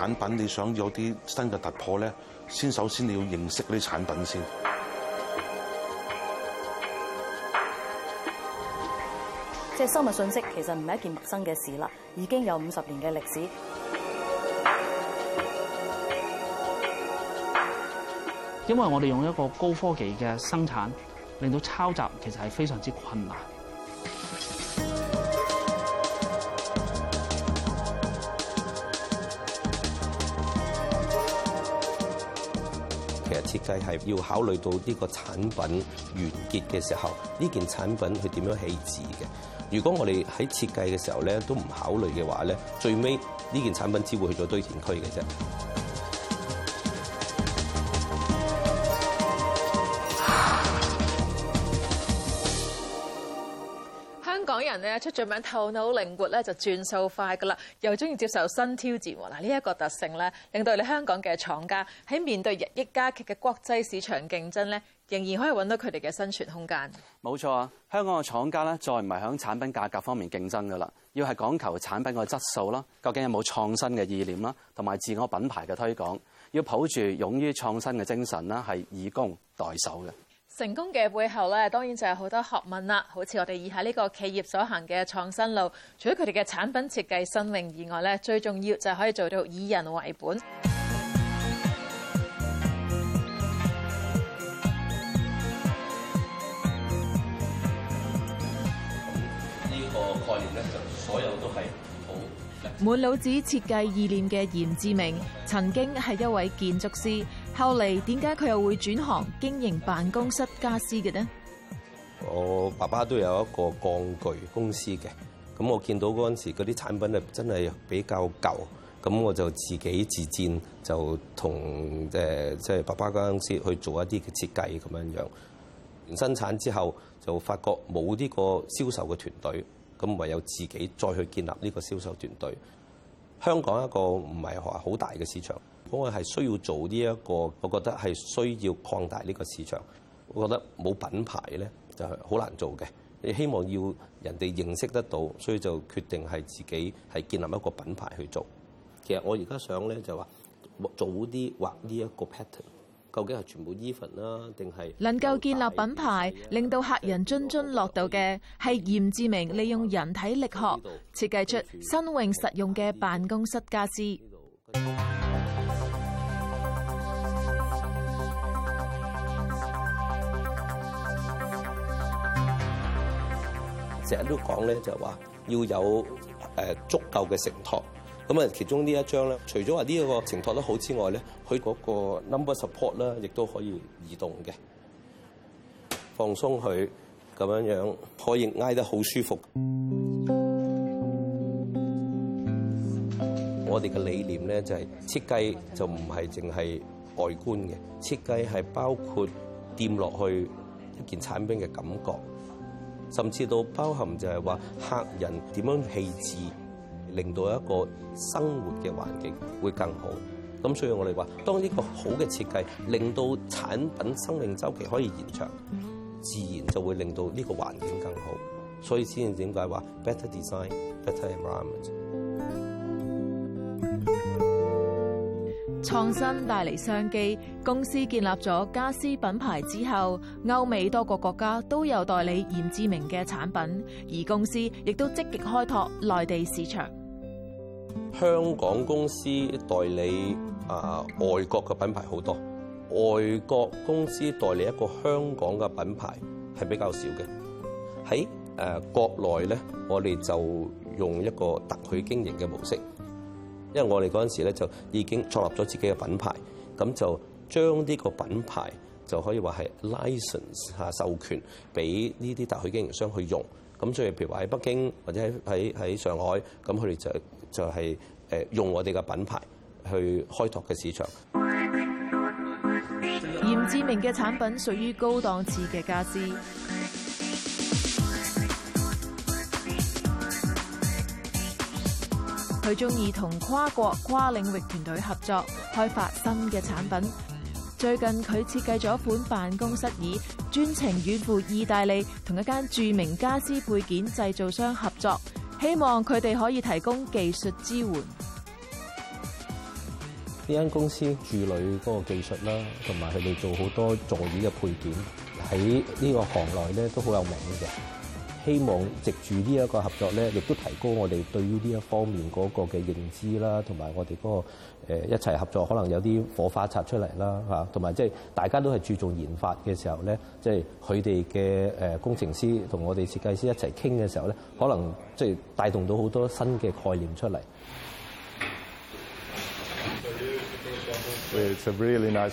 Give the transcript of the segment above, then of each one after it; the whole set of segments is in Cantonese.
產品你想有啲新嘅突破咧，先首先你要認識嗰啲產品先。即係生物信息其實唔係一件陌生嘅事啦，已經有五十年嘅歷史。因為我哋用一個高科技嘅生產，令到抄襲其實係非常之困難。設計係要考慮到呢個產品完結嘅時候，呢件產品佢點樣棄置嘅？如果我哋喺設計嘅時候咧都唔考慮嘅話咧，最尾呢件產品只會去咗堆填區嘅啫。香港人咧出咗名，頭腦靈活咧就轉數快噶啦，又中意接受新挑戰。嗱，呢一個特性咧，令到你香港嘅廠家喺面對日益加劇嘅國際市場競爭咧，仍然可以揾到佢哋嘅生存空間。冇錯啊，香港嘅廠家咧，再唔係喺產品價格方面競爭噶啦，要係講求產品個質素啦，究竟有冇創新嘅意念啦，同埋自我品牌嘅推廣，要抱住勇於創新嘅精神啦，係以攻代守嘅。成功嘅背後咧，當然就係好多學問啦。好似我哋以下呢個企業所行嘅創新路，除咗佢哋嘅產品設計新穎以外咧，最重要就係可以做到以人為本。呢個概念咧，就所有都係好滿腦子設計意念嘅嚴志明，曾經係一位建築師。後嚟點解佢又會轉行經營辦公室家私嘅呢？我爸爸都有一個鋼具公司嘅，咁我見到嗰陣時嗰啲產品咧，真係比較舊，咁我就自己自薦，就同即係爸爸嗰間公司去做一啲嘅設計咁樣樣，生產之後就發覺冇呢個銷售嘅團隊，咁唯有自己再去建立呢個銷售團隊。香港一個唔係話好大嘅市場。我係需要做呢一個，我覺得係需要擴大呢個市場。我覺得冇品牌咧就係好難做嘅。你希望要人哋認識得到，所以就決定係自己係建立一個品牌去做。其實我而家想咧就話早啲畫呢一個 pattern，究竟係全部 even 啦定係能夠建立品牌，令到客人津津樂道嘅係嚴志明利用人體力學設計出新穎實用嘅辦公室傢俬。成日都講咧，就話要有誒足夠嘅承托。咁啊，其中呢一張咧，除咗話呢一個承托得好之外咧，佢嗰個 number support 咧，亦都可以移動嘅，放鬆佢咁樣樣，可以挨得好舒服。我哋嘅理念咧，就係設計就唔係淨係外觀嘅設計，係包括掂落去一件產品嘅感覺。甚至到包含就係話，客人點樣棄置，令到一個生活嘅環境會更好。咁所以我哋話，當呢個好嘅設計令到產品生命周期可以延長，自然就會令到呢個環境更好。所以先至點解話 better design, better environment。創新帶嚟商機，公司建立咗家私品牌之後，歐美多個國家都有代理嚴志明嘅產品，而公司亦都積極開拓內地市場。香港公司代理啊、呃、外國嘅品牌好多，外國公司代理一個香港嘅品牌係比較少嘅。喺誒、呃、國內呢，我哋就用一個特許經營嘅模式。因為我哋嗰陣時咧就已經創立咗自己嘅品牌，咁就將呢個品牌就可以話係 license 下授權俾呢啲特許經營商去用。咁所以譬如話喺北京或者喺喺喺上海，咁佢哋就就係、是、誒用我哋嘅品牌去開拓嘅市場。嚴志明嘅產品屬於高檔次嘅傢俬。佢中意同跨國跨領域團隊合作，開發新嘅產品。最近佢設計咗款辦公室椅，專程遠赴意大利，同一間著名家私配件製造商合作，希望佢哋可以提供技術支援。呢間公司注里嗰個技術啦，同埋佢哋做好多座椅嘅配件喺呢個行內咧都好有名嘅。希望藉住呢一個合作咧，亦都提高我哋對於呢一方面嗰個嘅認知啦，同埋我哋嗰、嗰個、呃、一齊合作，可能有啲火花擦出嚟啦嚇，同埋即係大家都係注重研發嘅時候咧，即係佢哋嘅誒工程師同我哋設計師一齊傾嘅時候咧，可能即係帶動到好多新嘅概念出嚟。It's a really nice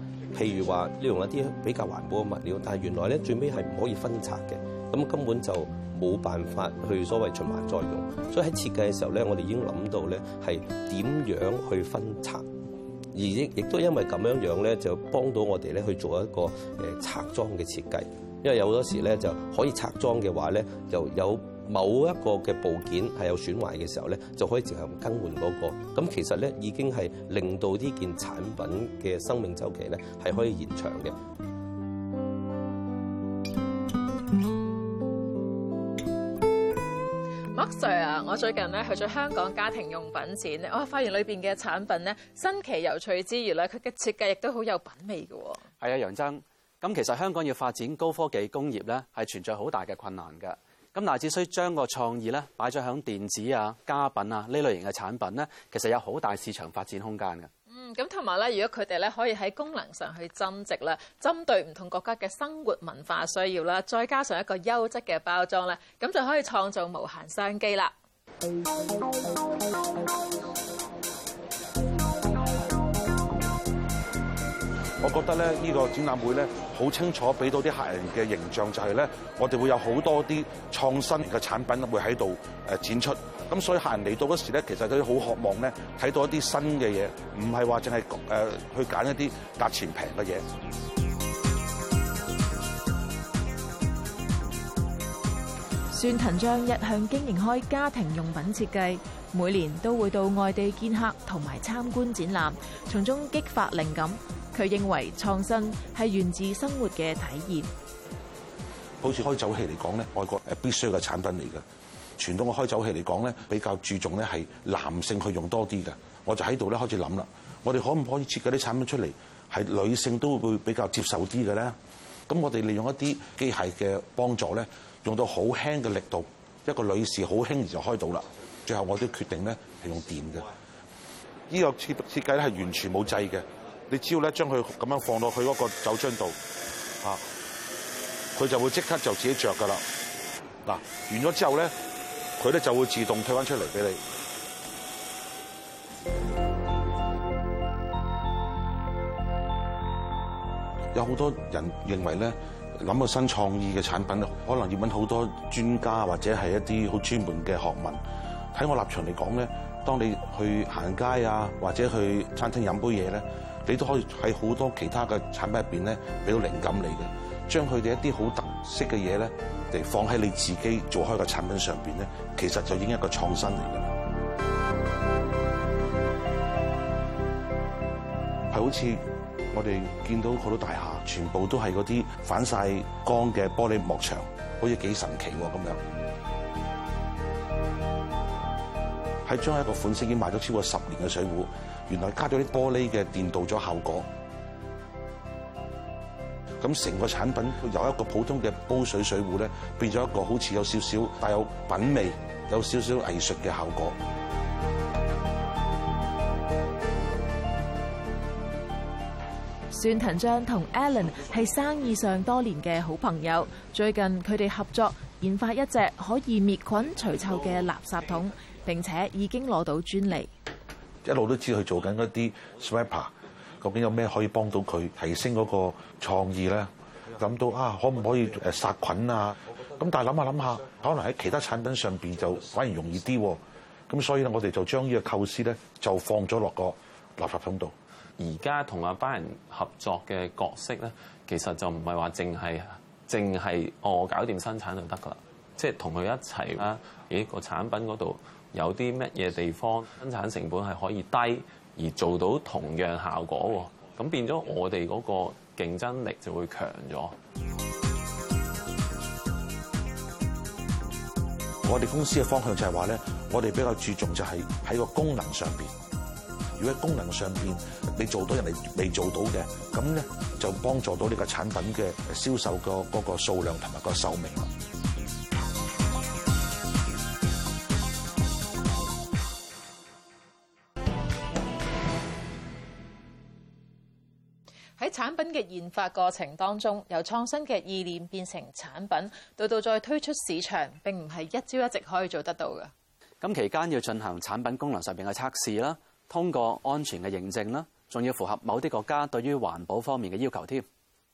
譬如話，用一啲比較環保嘅物料，但係原來咧最尾係唔可以分拆嘅，咁根本就冇辦法去所謂循環再用。所以喺設計嘅時候咧，我哋已經諗到咧係點樣去分拆，而亦亦都因為咁樣樣咧，就幫到我哋咧去做一個誒拆裝嘅設計。因為有好多時咧就可以拆裝嘅話咧，就有。某一個嘅部件係有損壞嘅時候咧，就可以進行更換嗰、那個。咁其實咧已經係令到呢件產品嘅生命周期咧係可以延長嘅。麥、嗯、Sir 啊，我最近咧去咗香港家庭用品展咧，我、哦、發現裏邊嘅產品咧新奇有趣之餘咧，佢嘅設計亦都好有品味嘅。係啊，楊增，咁其實香港要發展高科技工業咧，係存在好大嘅困難㗎。咁乃至需將個創意咧擺咗喺電子啊、家品啊呢類型嘅產品咧，其實有好大市場發展空間嘅。嗯，咁同埋咧，如果佢哋咧可以喺功能上去增值啦，針對唔同國家嘅生活文化需要啦，再加上一個優質嘅包裝咧，咁就可以創造無限商機啦。我覺得咧，呢個展覽會咧，好清楚俾到啲客人嘅形象，就係咧，我哋會有好多啲創新嘅產品會喺度誒展出。咁所以客人嚟到嗰時咧，其實佢好渴望咧睇到一啲新嘅嘢，唔係話淨係去揀一啲價錢平嘅嘢。孫騰章一向經營開家庭用品設計。每年都會到外地見客同埋參觀展覽，從中激發靈感。佢認為創新係源自生活嘅體驗。好似開酒器嚟講咧，外國係必須嘅產品嚟嘅。傳統嘅開酒器嚟講咧，比較注重咧係男性去用多啲嘅。我就喺度咧開始諗啦，我哋可唔可以設計啲產品出嚟係女性都會比較接受啲嘅咧？咁我哋利用一啲機械嘅幫助咧，用到好輕嘅力度，一個女士好輕易就開到啦。之後我都決定咧係用電嘅，呢個設設計咧係完全冇掣嘅。你只要咧將佢咁樣放落去嗰個酒樽度啊，佢就會即刻就自己着噶啦。嗱，完咗之後咧，佢咧就會自動退翻出嚟俾你。有好多人認為咧，諗個新創意嘅產品，可能要揾好多專家或者係一啲好專門嘅學問。喺我立場嚟講咧，當你去行街啊，或者去餐廳飲杯嘢咧，你都可以喺好多其他嘅產品入邊咧俾到靈感你嘅，將佢哋一啲好特色嘅嘢咧，嚟放喺你自己做開嘅產品上邊咧，其實就已經一個創新嚟嘅啦。係好似我哋見到好多大廈，全部都係嗰啲反晒光嘅玻璃幕牆，好似幾神奇喎咁樣。喺將一個款式已經賣咗超過十年嘅水壺，原來加咗啲玻璃嘅電鍍咗效果，咁成個產品由一個普通嘅煲水水壺咧，變咗一個好似有少少帶有品味、有少少藝術嘅效果。孫騰章同 Alan 係生意上多年嘅好朋友，最近佢哋合作研發一隻可以滅菌除臭嘅垃圾桶。並且已經攞到專利，一路都知佢做緊嗰啲 swapper，究竟有咩可以幫到佢提升嗰個創意咧？諗到啊，可唔可以誒殺菌啊？咁但係諗下諗下，可能喺其他產品上邊就反而容易啲。咁所以咧，我哋就將呢個構思咧就放咗落個垃圾桶度。而家同阿班人合作嘅角色咧，其實就唔係話淨係淨係我搞掂生產就得噶啦，即係同佢一齊啊。咦，個產品嗰度。有啲乜嘢地方生產成本係可以低，而做到同樣效果喎，咁變咗我哋嗰個競爭力就會強咗。我哋公司嘅方向就係話咧，我哋比較注重就係喺個功能上面。如果喺功能上面你做到人哋未做到嘅，咁咧就幫助到呢個產品嘅銷售個嗰個數量同埋個壽命。嘅研發過程當中，由創新嘅意念變成產品，到到再推出市場，並唔係一朝一夕可以做得到㗎。咁期間要進行產品功能上面嘅測試啦，通過安全嘅認證啦，仲要符合某啲國家對於環保方面嘅要求添。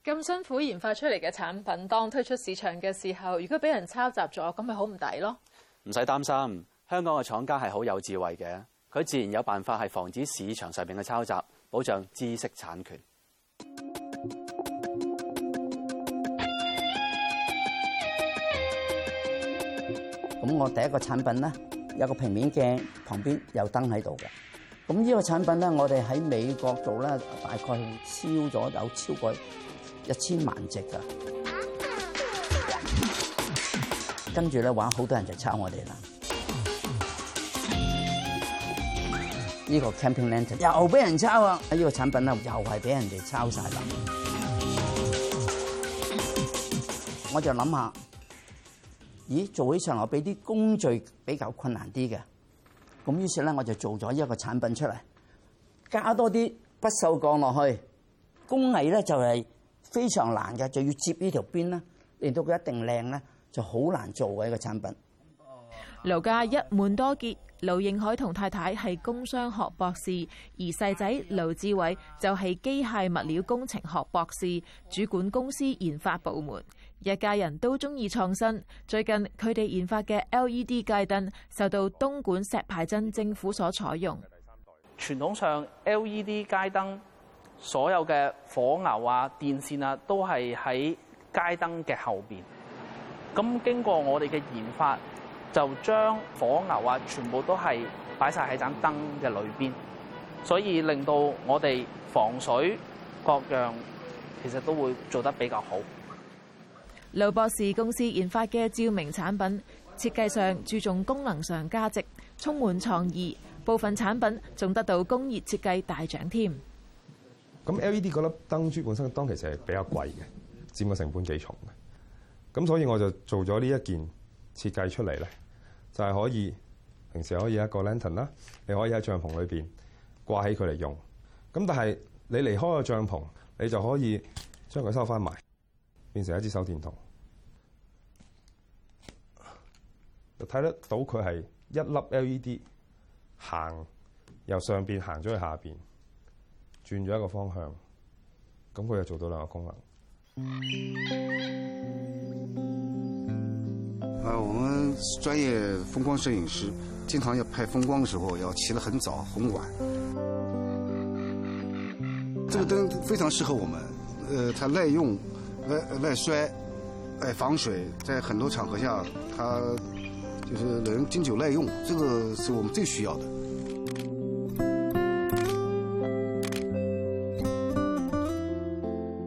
咁辛苦研發出嚟嘅產品，當推出市場嘅時候，如果俾人抄襲咗，咁咪好唔抵咯？唔使擔心，香港嘅廠家係好有智慧嘅，佢自然有辦法係防止市場上面嘅抄襲，保障知識產權。咁我第一個產品咧，有個平面鏡旁邊有燈喺度嘅。咁呢個產品咧，我哋喺美國做咧，大概銷咗有超過一千萬隻噶。跟住咧，玩好多人就抄我哋啦。呢、嗯這個 camping lantern 又俾人抄啊！呢、這個產品咧又係俾人哋抄晒啦、嗯。我就諗下。咦，做起上來俾啲工序比較困難啲嘅，咁於是咧我就做咗一個產品出嚟，加多啲不銹鋼落去，工藝咧就係非常難嘅，就要接呢條邊啦，令到佢一定靚咧就好難做嘅一個產品。盧家一門多傑，盧應海同太太係工商學博士，而細仔盧志偉就係機械物料工程學博士，主管公司研發部門。日界人都中意創新，最近佢哋研發嘅 LED 街燈受到東莞石排鎮政府所採用。傳統上 LED 街燈所有嘅火牛啊、電線啊，都係喺街燈嘅後邊。咁經過我哋嘅研發，就將火牛啊全部都係擺晒喺盞燈嘅裏邊，所以令到我哋防水各樣其實都會做得比較好。盧博士公司研發嘅照明產品設計上注重功能上價值，充滿創意，部分產品仲得到工業設計大獎添。咁 LED 嗰粒燈珠本身當其時係比較貴嘅，佔個成本幾重嘅。咁所以我就做咗呢一件設計出嚟咧，就係、是、可以平時可以一個 lantern 啦，你可以喺帳篷裏邊掛起佢嚟用。咁但係你離開個帳篷，你就可以將佢收翻埋。變成一支手電筒，就睇得到佢係一粒 LED 行，由上邊行咗去下邊，轉咗一個方向，咁佢又做到兩個功能。啊，我們專業風光攝影師經常要拍風光嘅時候，要起得很早，很晚。這個燈非常適合我們，呃，它耐用。外外摔，哎，防水，在很多場合下，它就是能經久耐用，這個是我們最需要的。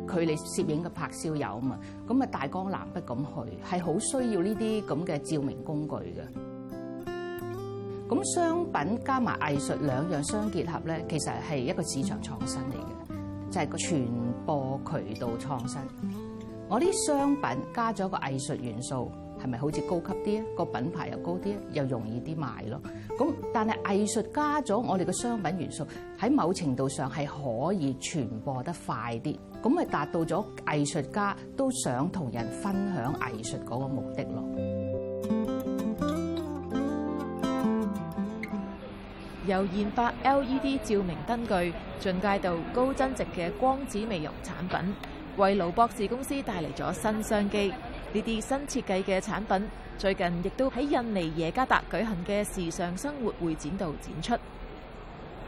佢哋攝影嘅拍燒友啊嘛，咁啊，大江南北咁去，係好需要呢啲咁嘅照明工具嘅。咁商品加埋藝術兩樣相結合咧，其實係一個市場創新嚟嘅，就係個傳播渠道創新。我啲商品加咗個藝術元素，係咪好似高級啲？個品牌又高啲，又容易啲賣咯。咁但係藝術加咗我哋嘅商品元素，喺某程度上係可以傳播得快啲，咁咪達到咗藝術家都想同人分享藝術嗰個目的咯。由研發 LED 照明燈具進階到高增值嘅光子美容產品。為盧博士公司帶嚟咗新商機，呢啲新設計嘅產品最近亦都喺印尼耶加達舉行嘅時尚生活會展度展出。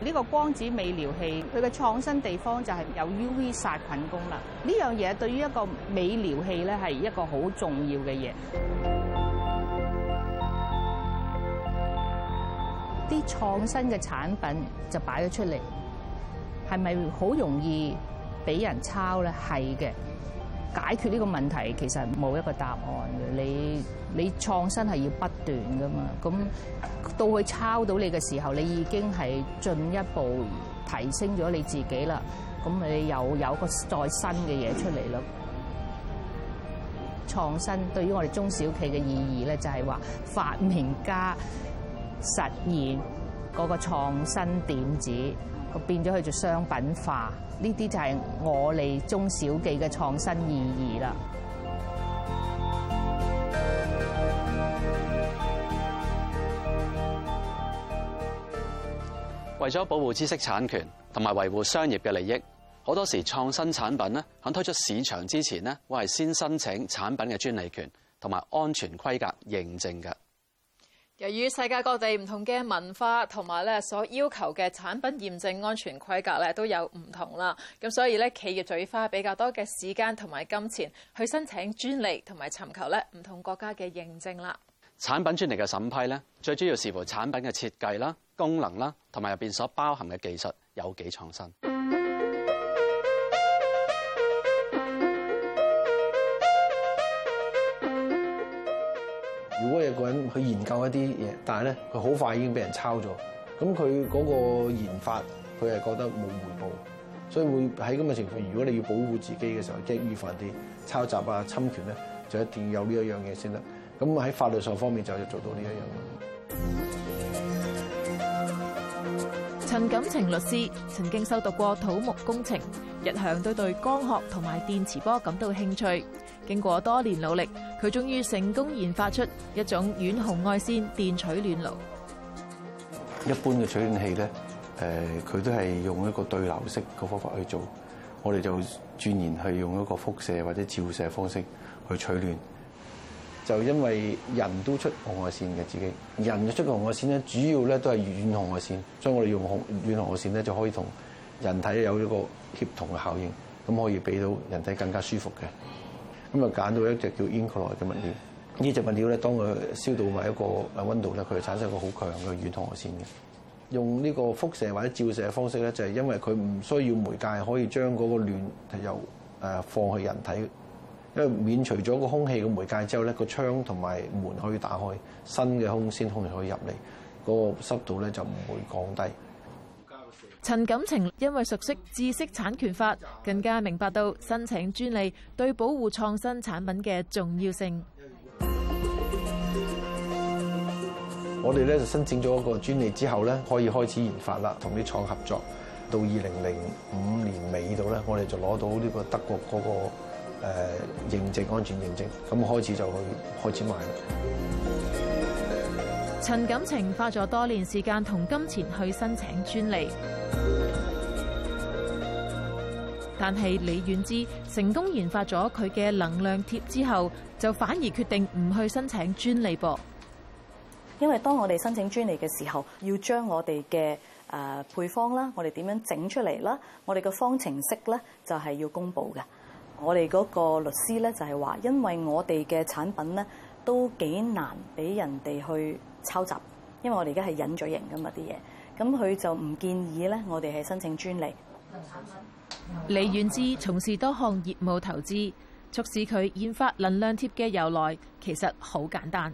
呢個光子美療器，佢嘅創新地方就係有 UV 殺菌功能。呢樣嘢對於一個美療器咧，係一個好重要嘅嘢。啲創新嘅產品就擺咗出嚟，係咪好容易？俾人抄咧，係嘅。解決呢個問題其實冇一個答案嘅。你你創新係要不斷噶嘛？咁到佢抄到你嘅時候，你已經係進一步提升咗你自己啦。咁你又有一個再新嘅嘢出嚟咯。創新對於我哋中小企嘅意義咧，就係話發明家實現嗰個創新點子。變咗去做商品化，呢啲就係我哋中小企嘅創新意義啦。為咗保護知識產權同埋維護商業嘅利益，好多時創新產品咧，喺推出市場之前咧，會係先申請產品嘅專利權同埋安全規格認證嘅。由於世界各地唔同嘅文化同埋咧所要求嘅產品驗證安全規格咧都有唔同啦，咁所以咧企業就要花比較多嘅時間同埋金錢去申請專利同埋尋求咧唔同國家嘅認證啦。產品專利嘅審批咧，最主要視乎產品嘅設計啦、功能啦，同埋入邊所包含嘅技術有幾創新。如果有個人去研究一啲嘢，但係咧佢好快已經俾人抄咗，咁佢嗰個研發佢係覺得冇回報，所以會喺咁嘅情況，如果你要保護自己嘅時候，即係預防啲抄襲啊、侵權咧，就一定要有呢一樣嘢先得。咁喺法律上方面就要做到呢一樣。陳錦晴律師曾經修讀過土木工程，一向都對光學同埋電磁波感到興趣。經過多年努力。佢終於成功研發出一種遠紅外線電取暖爐。一般嘅取暖器咧，佢、呃、都係用一個對流式嘅方法去做。我哋就轉而係用一個輻射或者照射方式去取暖。就因為人都出紅外線嘅自己，人出紅外線咧，主要咧都係遠紅外線，所以我哋用紅遠紅外線咧就可以同人體有一個協同嘅效應，咁可以俾到人體更加舒服嘅。咁啊，揀到一隻叫 Incoloy 嘅物料，呢隻物料咧，當佢燒到埋一個誒溫度咧，佢就產生一個好強嘅遠紅外線嘅。用呢個輻射或者照射嘅方式咧，就係、是、因為佢唔需要媒介，可以將嗰個暖又放去人體，因為免除咗個空氣嘅媒介之後咧，嗰個窗同埋門可以打開，新嘅空先空氣可以入嚟，嗰、那個濕度咧就唔會降低。陳錦晴因為熟悉知識產權法，更加明白到申請專利對保護創新產品嘅重要性。我哋咧就申請咗一個專利之後咧，可以開始研發啦，同啲廠合作。到二零零五年尾度咧，我哋就攞到呢個德國嗰個誒認證安全認證，咁開始就去開始賣啦。陳錦程花咗多年時間同金錢去申請專利，但係李遠之成功研發咗佢嘅能量貼之後，就反而決定唔去申請專利。噃，因為當我哋申請專利嘅時候，要將我哋嘅誒配方啦，我哋點樣整出嚟啦，我哋嘅方程式咧，就係要公布嘅。我哋嗰個律師咧就係話，因為我哋嘅產品咧都幾難俾人哋去抄襲，因為我哋而家係隱咗形㗎嘛啲嘢，咁佢就唔建議咧，我哋係申請專利。李遠志從事多項業務投資，促使佢研發能量貼嘅由來其實好簡單。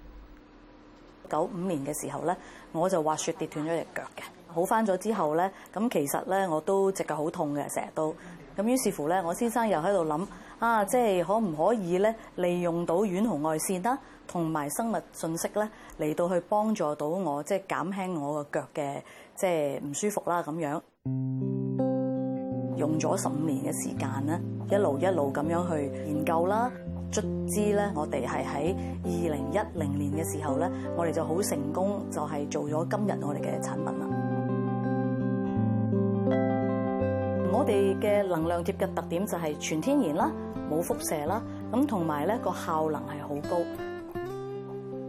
九五年嘅時候咧，我就滑雪跌斷咗隻腳嘅，好返咗之後咧，咁其實咧我都隻腳好痛嘅，成日都咁。於是乎咧，我先生又喺度諗。啊，即係可唔可以咧利用到遠紅外線啦，同埋生物信息咧嚟到去幫助到我，即係減輕我個腳嘅即係唔舒服啦咁樣，用咗十五年嘅時間咧，一路一路咁樣去研究啦，卒之咧，我哋係喺二零一零年嘅時候咧，我哋就好成功，就係做咗今日我哋嘅產品啦。我哋嘅能量貼嘅特點就係全天然啦，冇輻射啦，咁同埋咧個效能係好高。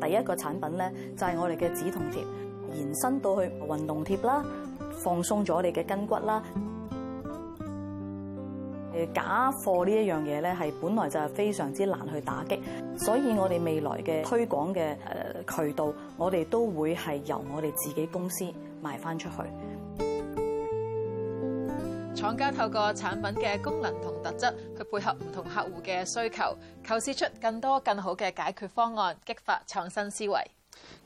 第一個產品咧就係我哋嘅止痛貼，延伸到去運動貼啦，放鬆咗你嘅筋骨啦。誒假貨呢一樣嘢咧，係本來就係非常之難去打擊，所以我哋未來嘅推廣嘅誒渠道，我哋都會係由我哋自己公司賣返出去。廠家透過產品嘅功能同特質去配合唔同客戶嘅需求，構思出更多更好嘅解決方案，激發創新思維。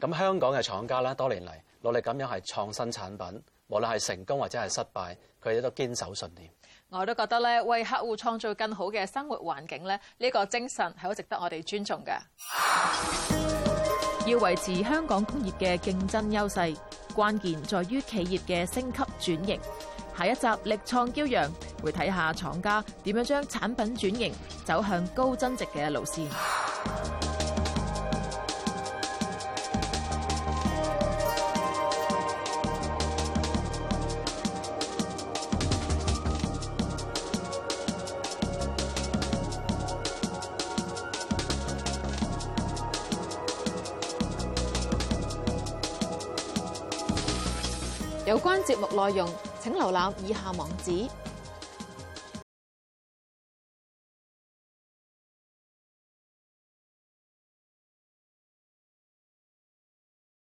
咁香港嘅廠家咧，多年嚟努力咁樣係創新產品，無論係成功或者係失敗，佢哋都堅守信念。我都覺得咧，為客戶創造更好嘅生活環境咧，呢個精神係好值得我哋尊重嘅。要維持香港工業嘅競爭優勢，關鍵在於企業嘅升級轉型。下一集力創驕陽會睇下廠家點樣將產品轉型，走向高增值嘅路線。有關節目內容。請瀏覽以下網址。